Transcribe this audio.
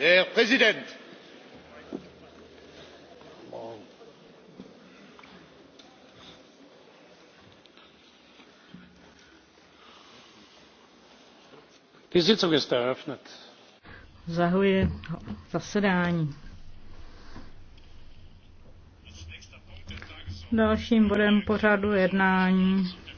herr präsident! die sitzung ist eröffnet. dalším bodem pořadu jednání